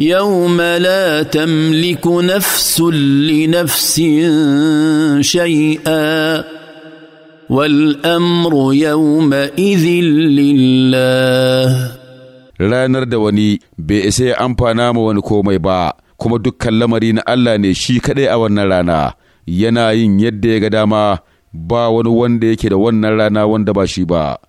يوم لا تملك نفس لنفس شيئا والامر يومئذ لله ranar da wani bai isa ya amfana ma wani komai ba kuma dukkan lamari na Allah ne shi kaɗai a wannan rana yana yin yadda ya ga dama ba wani wanda yake da wannan rana wanda ba shi ba